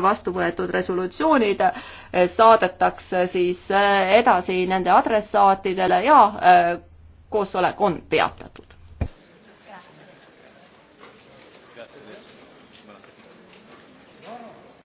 vastu võetud resolutsioonid eh, saadetakse siis eh, edasi nende adressaatidele ja eh, koosolek on peatatud.